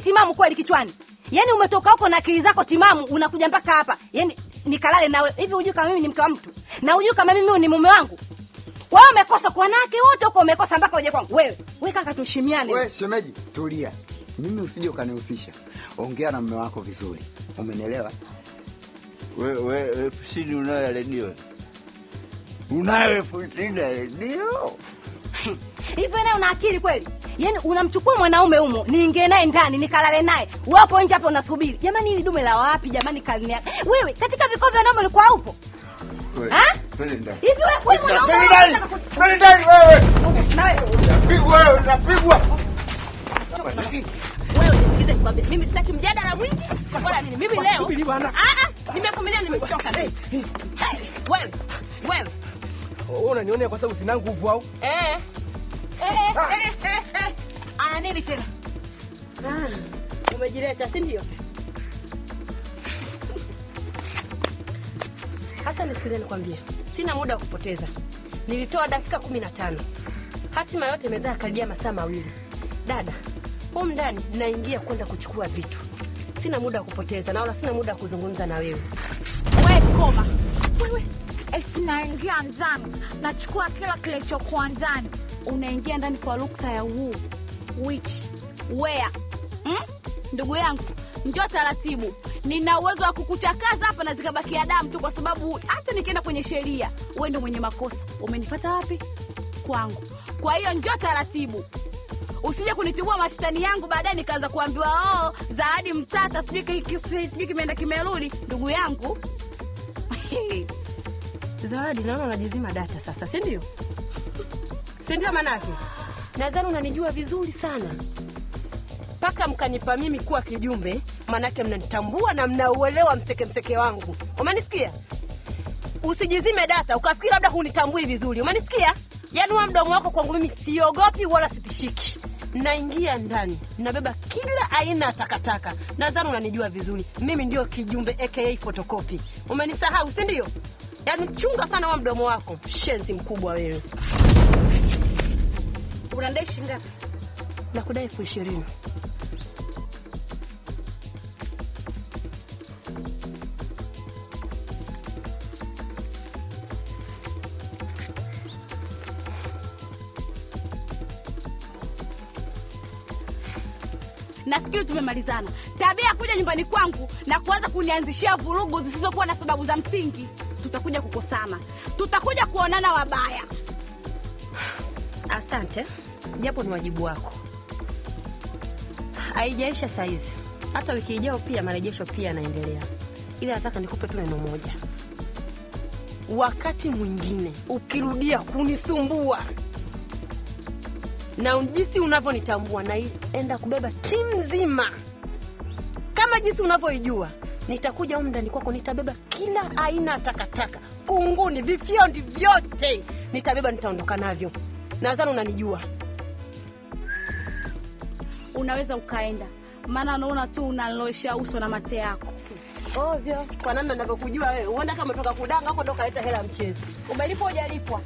akili timamu kweli kichwani? Yaani umetoka huko na akili zako timamu unakuja mpaka hapa. Yaani nikalale nawe. Hivi hujui kama mimi ni mke wa mtu? Na hujui kama mimi ni mume wangu? Kwa hiyo umekosa kwa nake wote huko umekosa mpaka uje kwangu. Wewe, wewe kaka tuheshimiane. Wewe shemeji, tulia. Mimi usije ukanihusisha. Ongea na mume wako vizuri. Umenielewa? Wewe wewe shidi unayo redio. Unayo futinda redio. Hivi naye una akili kweli? Yaani unamchukua mwanaume humo, niingie naye ndani, nikalale naye. wapo nje hapo unasubiri. Jamani hili dume la wapi? Jamani kazi yako. Wewe katika vikao vya wanaume ulikuwa upo? Hivi wewe kweli mwanaume? Kweli ndani wewe. Unapigwa wewe, unapigwa. Wewe nisikize nikwambie, mimi sitaki mjadala mwingi. Bora nini. mimi leo. Ah ah, nimevumilia nimechoka. Wewe, wewe. Unanionea kwa sababu sina nguvu au? Eh eh, eh, eh. Ana nini tena? Umejileta si ndio? Sasa nisikilize nikwambie, sina muda wa kupoteza. Nilitoa dakika kumi na tano, hatima yote imezaa karibia masaa mawili. Dada, humu ndani naingia kwenda kuchukua vitu, sina muda wa kupoteza na wala sina muda wa kuzungumza na wewe. We koma wewe, esinaingia eh, ndani, nachukua kila kilichokuwa ndani unaingia ndani kwa lukta ya who which where hmm? Ndugu yangu njoo taratibu, nina uwezo wa kukuchakaza hapa na zikabakia damu tu, kwa sababu hata nikienda kwenye sheria we ndo mwenye makosa. Umenipata wapi? Kwangu. Kwa hiyo njoo taratibu, usije kunitibua mashitani yangu baadaye nikaanza kuambiwa oh, Zawadi mtata, sijui kimeenda kimerudi. Ndugu yangu Zawadi, naona unajizima data sasa, si ndio? si ndio? Manake nadhani unanijua vizuri sana mpaka mkanipa mimi kuwa kijumbe, manake mnanitambua na mnauelewa mseke mseke wangu. Umenisikia? Usijizime data ukafikiri labda hunitambui vizuri. Umenisikia? Yaani wa mdomo wako kwangu mimi siogopi wala sitishiki. Naingia ndani, nabeba kila aina ya takataka. Nadhani unanijua vizuri, mimi ndio kijumbe aka photocopy. Umenisahau, si ndio? Yaani chunga sana wa mdomo wako, shenzi mkubwa wewe. Unadai shilingi ngapi? Nakudai elfu ishirini. Nafikiri tumemalizana. Tabia ya kuja nyumbani kwangu na kuanza kunianzishia vurugu zisizokuwa na sababu za msingi, tutakuja kukosana, tutakuja kuonana wabaya Asante, japo ni wajibu wako. Haijaisha saa hizi, hata wiki ijayo pia marejesho pia yanaendelea, ila nataka nikupe tu neno moja. Wakati mwingine ukirudia kunisumbua na jinsi unavyonitambua, naenda kubeba timu nzima kama jinsi unavyoijua nitakuja humu ndani kwako, nitabeba kila aina ya takataka, kunguni, vifyondi vyote nitabeba, nitaondoka navyo. Nadhani unanijua. Unaweza ukaenda, maana naona tu unaloesha uso na mate yako ovyo. Kwa namna ninavyokujua wewe, uenda kama umetoka kudanga huko, ndo kaleta hela mchezo. Umelipwa hujalipwa?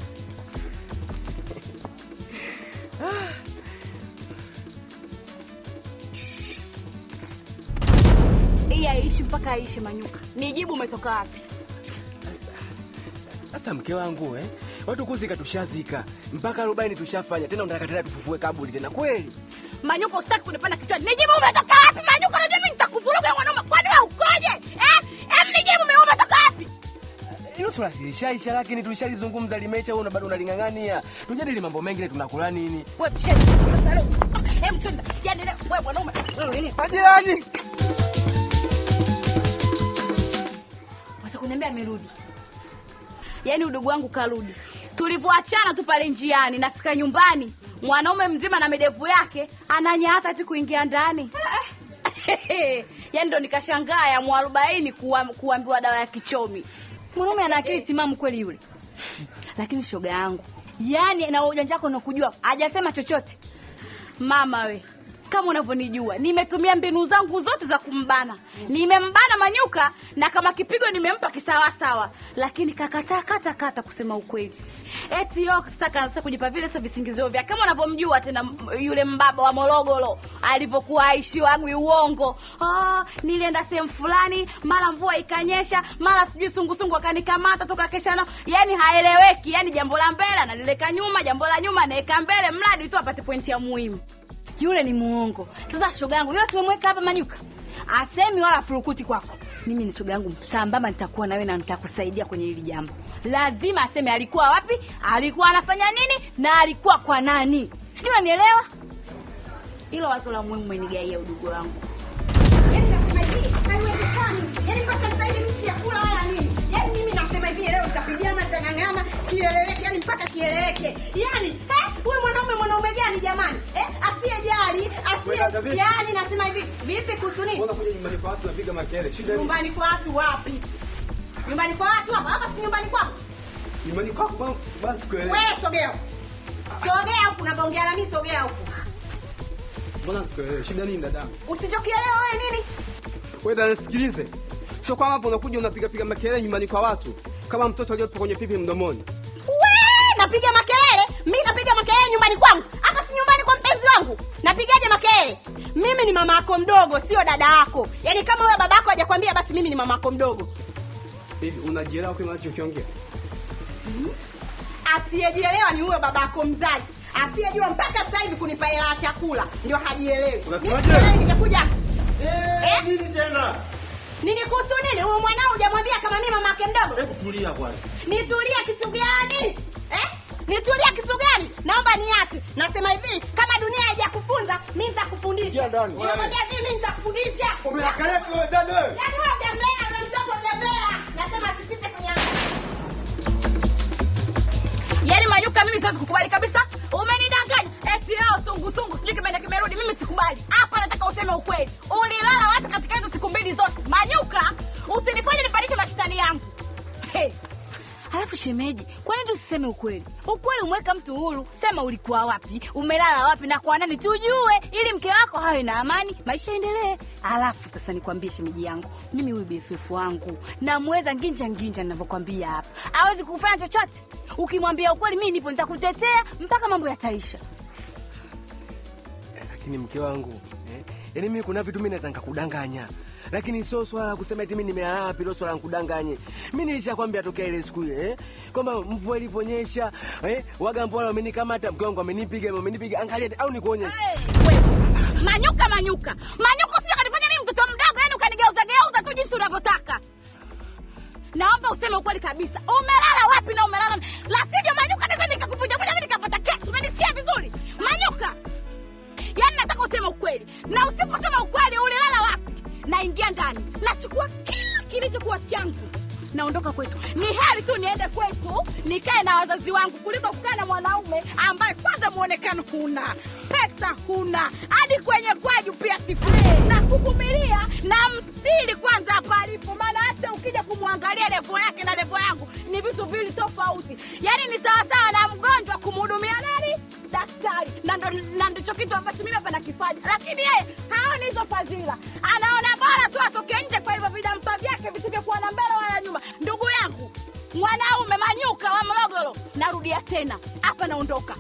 Hii haiishi mpaka aishi. Manyuka, nijibu, umetoka wapi? Hata mke wangu eh? watu kuzika tushazika mpaka arobaini tushafanya, tena unataka tena tufufue kaburi tena kweli? Manyuko, sitaki kunipanda kichwa. Nijibu, umetoka wapi Manyuko? Najua mimi nitakuvuruga mwanaume, kwani wewe ukoje? Eh, em, eh, nijibu, umetoka wapi? Hilo swala lishaisha, lakini tulishalizungumza, limeisha. Wewe bado unaling'ang'ania. Tujadili mambo mengine, tunakula nini? Wewe eh, yaani mwanaume, wewe nini? Jirani wasakuniambia amerudi, yaani udogo wangu karudi. Tulipoachana tu pale njiani, nafika nyumbani, mwanaume mzima na midevu yake ananyata tu kuingia ndani yaani ndo nikashangaa ya mwarobaini kuambiwa dawa ya kichomi. Mwanaume ana akili timamu kweli yule. Lakini shoga yangu, yaani na ujanja wako unakujua, hajasema chochote mama we kama unavyonijua, nimetumia mbinu zangu zote za kumbana. Nimembana Manyuka na kama kipigo nimempa kisawa sawa, lakini kakataa kata kata kusema ukweli. Eti yo sasa sasa kujipa vile sasa visingizio vya kama unavyomjua tena yule mbaba wa Morogoro alipokuwa aishi wangu uongo. Ah, nilienda sehemu fulani, mara mvua ikanyesha, mara sijui sungu sungu akanikamata toka kesha nao. Yaani haeleweki, yaani jambo la mbele na analileka nyuma, jambo la nyuma naeka mbele, mradi tu apate pointi ya muhimu. Yule ni muongo. Sasa shoga yangu, yule tumemweka hapa Manyuka asemi wala furukuti kwako. Mimi ni shoga yangu sambamba, nitakuwa nawe na nitakusaidia kwenye hili jambo. Lazima aseme alikuwa wapi, alikuwa anafanya nini na alikuwa kwa nani. Sijui unanielewa? Hilo wazo la muhimu umenigaia, udugu wangu. lakini leo utapigana, utang'ang'ana kieleweke, yani mpaka kieleweke. Yani huyu eh, mwanaume mwanaume gani jamani, eh? Asiyejali, asiye yani, nasema hivi, vipi kuhusu nini? Nyumbani kwa watu wapi? Nyumbani kwa watu hapa hapa, si nyumbani kwa Nyumbani kwa basi, kwa wewe. Sogea sogea huku, naongea na mimi, sogea huku. Mbona sikuelewi? Shida nini dadangu? Usichokielewa wewe nini? Wewe dada, nisikilize. Sio kwamba hapo unakuja unapiga piga makelele nyumbani kwa watu kama mtoto aliyopo kwenye pipi mdomoni. napiga makelele mi, napiga makelele nyumbani kwangu, hapa si nyumbani kwa mpenzi wangu. Napigaje makelele? Mimi ni mama yako mdogo, sio dada yako. Yaani kama wewe babako hajakwambia, basi mimi ni mama yako mdogo. Hivi unajielewa kwa unachokiongea? ukiongea? -hmm. Asiyejielewa ni huyo babako mzazi asiyejua mpaka sasa hivi kunipa hela ya chakula ndio hajielewi. Ningekuja eh, eh, nini tena Nilikuhusu nini? Huyu mwanao hujamwambia kama mimi mama yake mdogo? Hebu tulia kwanza. Nitulia kitu gani? Eh? Nitulia kitu gani? Naomba niache. Nasema hivi, kama dunia haijakufunza, mimi nitakufundisha. ndani. Unamwambia hivi mimi nitakufundisha. Umeangalia kwa dada wewe? Yaani wewe hujamlea na mtoto hujamlea. Nasema asipite kwenye Yaani Mayuka mimi siwezi kukubali kabisa. Umenidanganya. Eti eh, leo sungu sungu sijui kimeenda kimerudi. Mimi sikubali. Hapa nataka useme ukweli. Ulilala wapi katika hizo Alafu shemeji, kwa nini tusiseme ukweli? Ukweli umweka mtu huru. Sema ulikuwa wapi, umelala wapi na kwa nani, tujue, ili mke wako hawe na amani, maisha endelee Alafu sasa nikwambie shemeji yangu, mimi huyu BFF wangu namweza nginja nginja ninavyokwambia hapa, hawezi kufanya chochote. Ukimwambia ukweli, mimi nipo, nitakutetea mpaka mambo yataisha. Eh, lakini mke wangu eh, yaani mimi kuna vitu mimi naweza nikakudanganya lakini sio swala la kusema eti mimi nimeaapi, hilo swala kudanganye. Mimi nilishakwambia tokea ile siku ile eh, kwamba mvua ilivyonyesha eh, wagambola wamenikamata, mke wangu amenipiga, amenipiga. Angalia au nikuonyeshe manyuka, manyuka, manyuka, usije kanifanya mimi mtoto mdogo, yani ukanigeuza geuza tu jinsi unavyotaka. Naomba useme ukweli kabisa, umelala wapi? Na umelala la sivyo, manyuka, naweza nikakuvuja kuja mimi nikapata kesi. Umenisikia vizuri manyuka? Yani nataka useme ukweli, na usiposema ukweli ulilala wapi? naingia ndani, nachukua kila kilichokuwa changu, naondoka kwetu. Ni heri tu niende kwetu nikae na wazazi wangu kuliko kukaa na mwanaume ambaye kwanza mwonekano huna, pesa huna, hadi kwenye kwaju pia sifuri, na kuvumilia na mstiri kwanza hapa alipo, maana hata ukija kumwangalia levo yake na levo yangu ni vitu vili tofauti. Yaani ni sawasawa na mgonjwa kumhudumia nani daktari, na ndicho kitu ambacho mimi hapa nakifanya, lakini yeye haoni hizo fadhila, anaona nalo, narudia tena hapa, naondoka,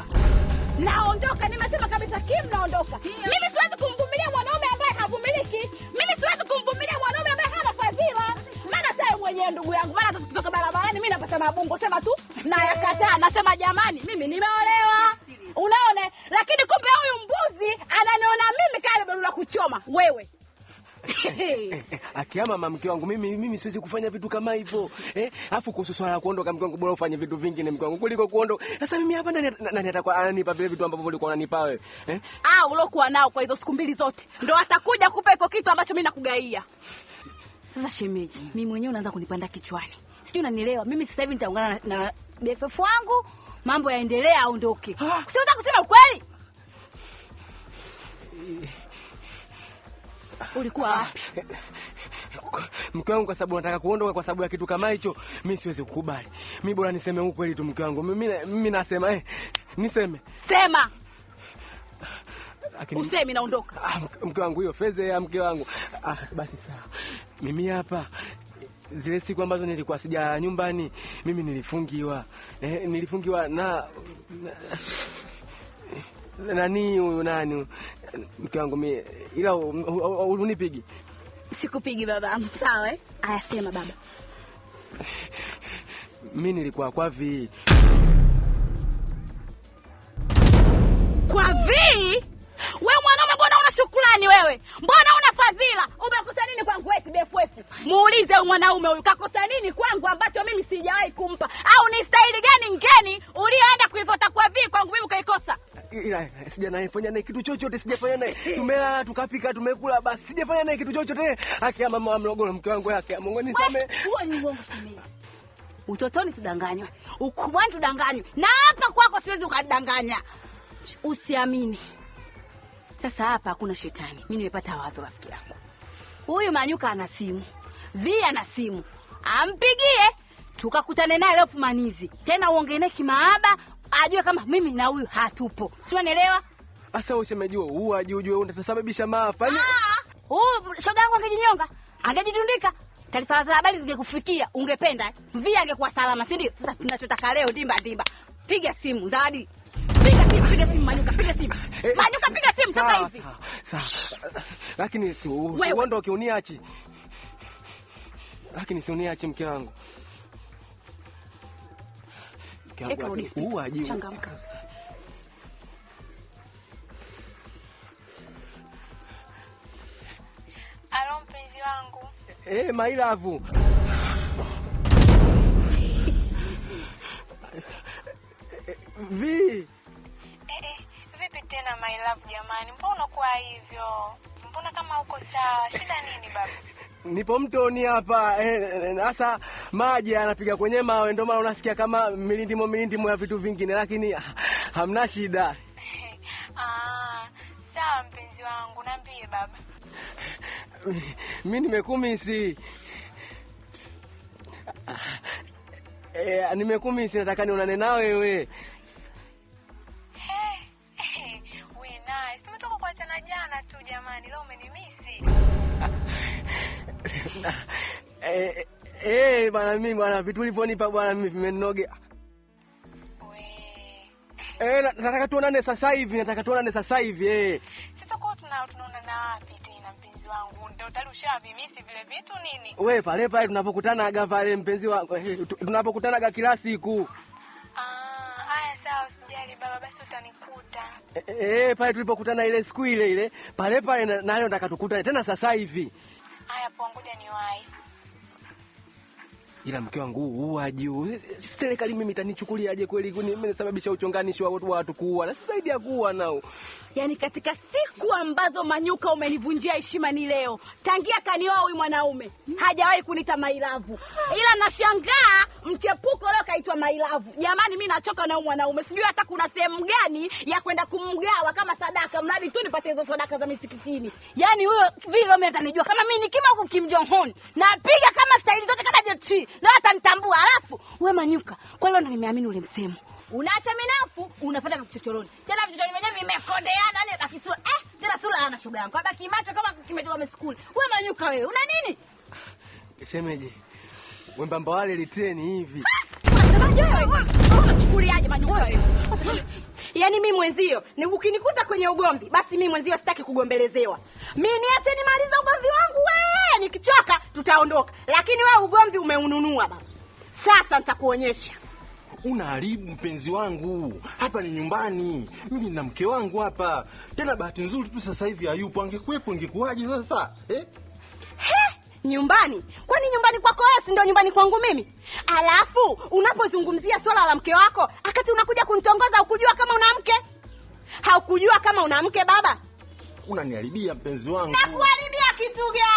naondoka. Nimesema kabisa, Kim, naondoka. Mimi siwezi kumvumilia mwanaume ambaye havumiliki. Mimi siwezi kumvumilia mwanaume ambaye hana fadhila, maana saye mwenyewe, ndugu yangu, maana tukitoka barabarani mi napata mabungo, sema tu nayakataa, nasema jamani, mimi nimeolewa, unaone. Lakini kumbe huyu mbuzi ananiona mimi kale barula kuchoma wewe Akiama mamke wangu mimi mimi siwezi kufanya vitu kama hivyo. Eh? Alafu kuhusu swala la kuondoka mke wangu bora ufanye vitu vingine mke wangu kuliko kuondoka. Sasa mimi hapa nani nani atakuwa ananipa vile vitu ambavyo ulikuwa unanipa wewe. Eh? Ah, uliokuwa nao kwa hizo siku mbili zote. Ndio atakuja kupa iko kitu ambacho mimi nakugaia. Sasa shemeji, mimi mwenyewe unaanza kunipanda kichwani. Sijui unanielewa. Mimi sasa hivi nitaungana na, na BFF wangu mambo yaendelea aondoke. Usiweza kusema ukweli? Ulikuwa wapi? Mke wangu, kwa sababu nataka kuondoka kwa sababu ya kitu kama hicho, mi siwezi kukubali. Mi bora niseme ukweli tu, mke wangu. Mimi nasema eh, niseme sema Akini... usemi naondoka. Ah, mke wangu, hiyo fedha ya mke wangu. Ah, basi sawa, mimi hapa zile siku ambazo nilikuwa sija nyumbani, mimi nilifungiwa eh, nilifungiwa na nani huyu nani mke wangu mimi, ila unipigi. Sikupigi baba. Sawa eh? Aya, sema baba. Mimi nilikuwa kwa kwavi fulani wewe, mbona una fadhila? Umekosa nini kwangu wewe Kidefwefu? Muulize huyu mwanaume huyu kakosa nini kwangu ambacho mimi sijawahi kumpa? Au ni staili gani ngeni ulioenda kuivota kwa vii kwangu mimi ukaikosa? Ila sija naye fanya naye kitu chochote, sijafanya naye, tumelala tukapika, tumekula, basi sijafanya naye kitu chochote. Haki ya mama wa Mlogolo, mke wangu, haki ya Mungu, nisamehe. Huo ni uongo, samehe. Utotoni tudanganywe, ukubwani tudanganywe, na hapa kwako siwezi ukadanganya, usiamini. Sasa hapa hakuna shetani. Mimi nimepata wazo, rafiki yangu. Huyu Manyuka ana simu, Vi ana simu, ampigie tukakutane naye leo Pumanizi, tena uongee naye kimaaba, ajue kama mimi na huyu hatupo. Siwanielewa? Sasa usemejua huu aje ujue unatasababisha maafa. Ah, huyu shoga yangu angejinyonga, angejidundika taarifa za habari zingekufikia, ungependa Vi angekuwa salama, si ndio? Sasa tunachotaka leo, ndimba ndimba, piga simu Zawadi, piga Piga simu Manyuka, piga simu. Eh, Manyuka, piga simu sasa hivi. Lakini si uondoke uniachi. Lakini si uniachi mke wangu. Changamka. Alo mpenzi wangu. Eh, my love. Vi my love, jamani, mbona unakuwa hivyo? Mbona kama uko sawa? Shida nini baba? Nipo mtoni hapa sasa, eh, eh maji anapiga kwenye mawe, ndio maana unasikia kama milindimo milindimo ya vitu vingine, lakini ha, hamna shida. Ah, sawa mpenzi wangu, niambie baba. Mimi nimekumisi eh, nimekumisi, nataka nionane na wewe. Na, eh, eh, bwana mimi bwana vitu ulivyonipa bwana mimi Eh, nataka tuonane sasa hivi, nataka tuonane sasa hivi eh. Sasa kwa tuna tunaonana wapi tena mpenzi wangu? Ndio utarusha mimi vile vitu nini? Wewe pale pale tunapokutana aga pale mpenzi wangu, eh, tunapokutana aga kila siku. Sawa, sijali baba, basi utanikuta e, e, pale tulipokutana ile siku ile ile pale pale, na nataka tukutane tena sasa hivi. Haya poa, ngoja niwahi. Ila mke wangu huwa juu, serikali mimi itanichukuliaje kweli? Nimesababisha uchonganishi wa watu kuua, na si ya kuua nao Yaani katika siku ambazo Manyuka umenivunjia heshima ni leo. Tangia kanioa huyu mwanaume hajawahi kunita mailavu, ila nashangaa mchepuko leo kaitwa mailavu. Jamani, mi nachoka na huyu mwanaume, sijui hata kuna sehemu gani ya kwenda kumgawa kama sadaka, mradi tu nipate hizo sadaka za misikitini. Yaani huyo vile mi atanijua kama mi nikima huku Kim Jong Un, napiga kama staili zote kama Jet Li, na atanitambua. Alafu we Manyuka, kwa hiyo ndo nimeamini ule msemo unaacha minafu unapata vichochoroni tena, vichochoroni vyenyewe vimekondeana, yani akisura eh, tena sura ana shoga yangu abaki kimacho kama kimetoka meskuli. Wewe manyuka wewe, una nini? Semeje wembamba wale liteni hivi unachukuliaje manyuka wewe? Yaani mi mwenzio ni ukinikuta kwenye ugomvi, basi mi mwenzio sitaki kugombelezewa. Mi niache nimaliza ugomvi wangu, we nikichoka tutaondoka, lakini wewe ugomvi umeununua basi. Sasa nitakuonyesha Unaharibu mpenzi wangu, hapa ni nyumbani, mimi na mke wangu hapa. Tena bahati nzuri tu sasa hivi hayupo, angekuwepo ingekuwaje sasa eh? He, nyumbani? Kwani nyumbani kwako wewe si ndio nyumbani kwangu mimi? Alafu unapozungumzia swala la mke wako akati unakuja kunitongoza, ukujua kama una mke? Haukujua kama una mke baba? Unaniharibia mpenzi wangu. Nakuharibia kitu gani?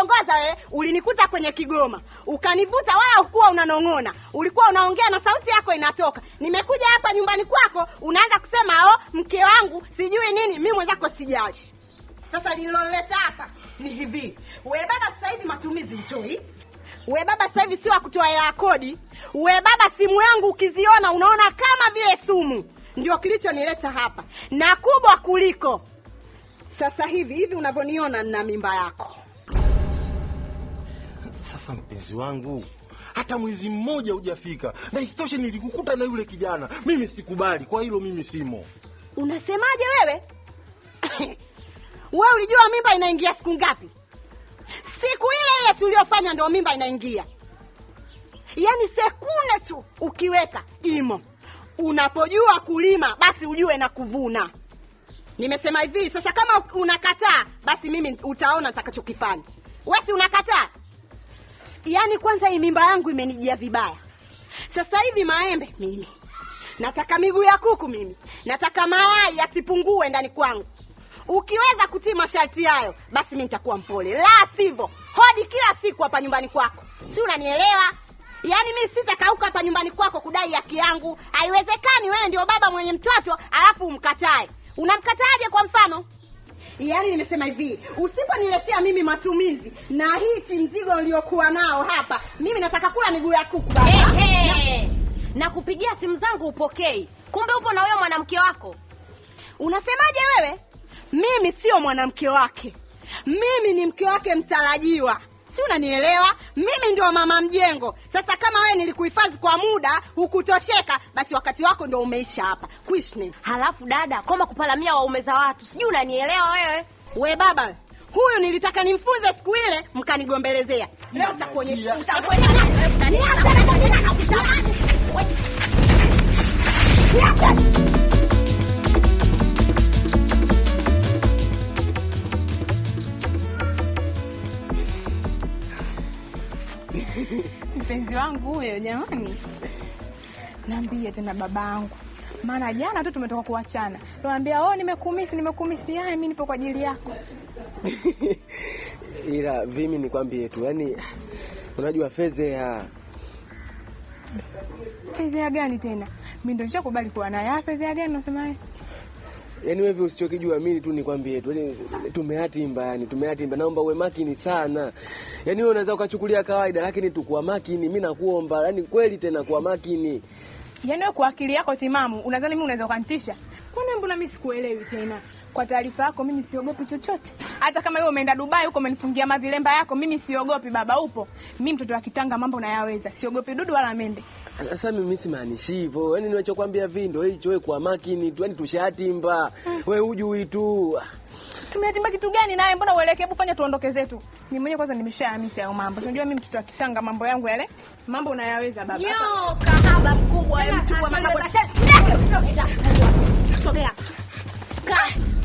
uliniongoza eh, ulinikuta kwenye Kigoma ukanivuta, wala ukuwa unanong'ona, ulikuwa unaongea na sauti yako inatoka. Nimekuja hapa nyumbani kwako unaanza kusema oh, mke wangu sijui nini, mimi mwenzako sijali. Sasa lililoleta hapa ni hivi, wewe baba, sasa hivi matumizi nitoi wewe baba, sasa hivi sio kutoa hela kodi. Wewe baba, simu yangu ukiziona unaona kama vile sumu, ndio kilichonileta hapa na kubwa kuliko. Sasa hivi hivi unavyoniona, nina mimba yako. Sasa mpenzi wangu, hata mwezi mmoja hujafika, na isitoshe nilikukuta na yule kijana. Mimi sikubali, kwa hilo mimi simo. Unasemaje wewe? Wewe ulijua mimba inaingia siku ngapi? Siku ile ile tuliyofanya ndio mimba inaingia, yaani sekunde tu ukiweka imo. Unapojua kulima basi ujue na kuvuna. Nimesema hivi sasa, kama unakataa basi mimi utaona nitakachokifanya. Wewe si unakataa? Yaani kwanza hii mimba yangu imenijia vibaya. Sasa hivi maembe mimi nataka, miguu ya kuku mimi nataka, mayai yasipungue ndani kwangu. Ukiweza kutii masharti hayo, basi mi nitakuwa mpole, la sivyo hodi kila siku hapa nyumbani kwako, si unanielewa? Yaani mi sitakauka hapa nyumbani kwako kudai haki yangu. Haiwezekani wewe ndio baba mwenye mtoto alafu umkatae. Unamkataaje kwa mfano? Yaani nimesema hivi, usiponiletea mimi matumizi na hiti mzigo uliokuwa nao hapa, mimi nataka kula miguu ya kuku baba. Hey, hey. kupigia simu zangu upokei, kumbe upo na huyo mwanamke wako. Unasemaje wewe? Mimi sio mwanamke wake, mimi ni mke wake mtarajiwa si unanielewa? Mimi ndio mama mjengo. Sasa kama wewe nilikuhifadhi kwa muda hukutosheka, basi wakati wako ndio umeisha hapa Halafu dada, koma kupalamia waume za watu, sijui unanielewa wewe? We baba huyu nilitaka nimfunze siku ile, mkanigombelezea. Leo nitakuonyesha mpenzi wangu huyo, jamani, naambia tena babangu maana jana tu tumetoka kuachana, naambia oh, nimekumisi nimekumisi, yaani haya mimi nipo kwa ajili yako. Ila vimi nikwambie tu, yaani unajua fedheha. Fedheha gani tena? Mimi ndio nishakubali kuwa naye. Ah, fedheha gani unasema? yani wewe usichokijua mimi tu nikwambie tu, yani tumeatimba, yani tumeatimba. Naomba uwe makini sana. Yani wewe unaweza ukachukulia kawaida, lakini tukuwa makini, mimi nakuomba, yani kweli tena kuwa makini. Yani wewe kwa akili yako timamu unadhani mimi unaweza ukanitisha? Kwani mbona mimi sikuelewi tena? Kwa taarifa yako, mimi siogopi chochote. Hata kama wewe umeenda Dubai huko umenifungia mavilemba yako, mimi siogopi. Baba upo, mimi mtoto wa Kitanga, mambo nayaweza, siogopi dudu wala mende. Sasa mimi simaanishi hivyo, yaani ninachokwambia vindo hicho, wewe kwa makini tu, yaani tushatimba. Wewe hujui tu tumeatimba kitu gani naye? Mbona uelekevu, fanya tuondoke zetu. Ni mwenye kwanza nimeshaamisi hayo mambo. Unajua mimi mtoto wa kitanga, mambo yangu yale, mambo unayaweza baba. Yo, kahaba mkubwa mtu wa makaboni. Sogea. Kaa.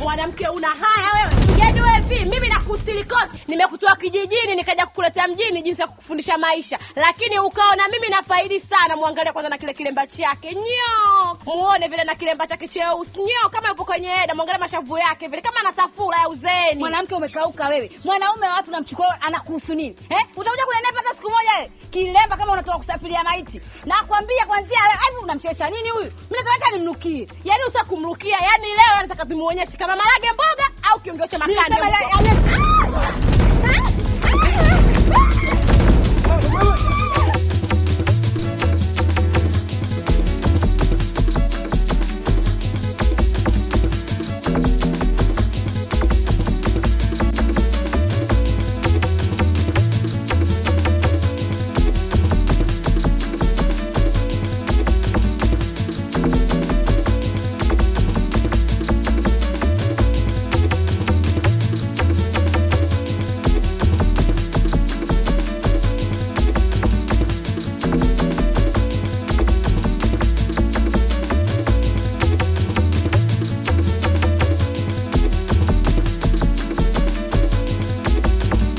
Mwanamke una haya wewe? Yaani wewe vipi? Mimi nakusilikoti, nimekutoa kijijini nikaja kukuletea mjini jinsi ya kukufundisha maisha, lakini ukaona mimi nafaidi sana. Mwangalia kwanza na kile kilemba chake nyoo muone vile na kilemba chake cheusi nyeo, kama yupo kwenye eda, mwangalia mashavu yake vile, kama anatafura ya uzeni. Mwanamke umekauka wewe, mwanaume wa watu namchukua, anakuhusu nini eh? Utakuja kunenepa hata siku moja kilemba, kama unatoka kusafiria maiti. Nakwambia kwanzia hivi, unamchesha nini huyu? Mimi nataka nimnukie, yani usa kumrukia, yani leo nataka tumuonyeshe kama marage mboga au kiongocho makanda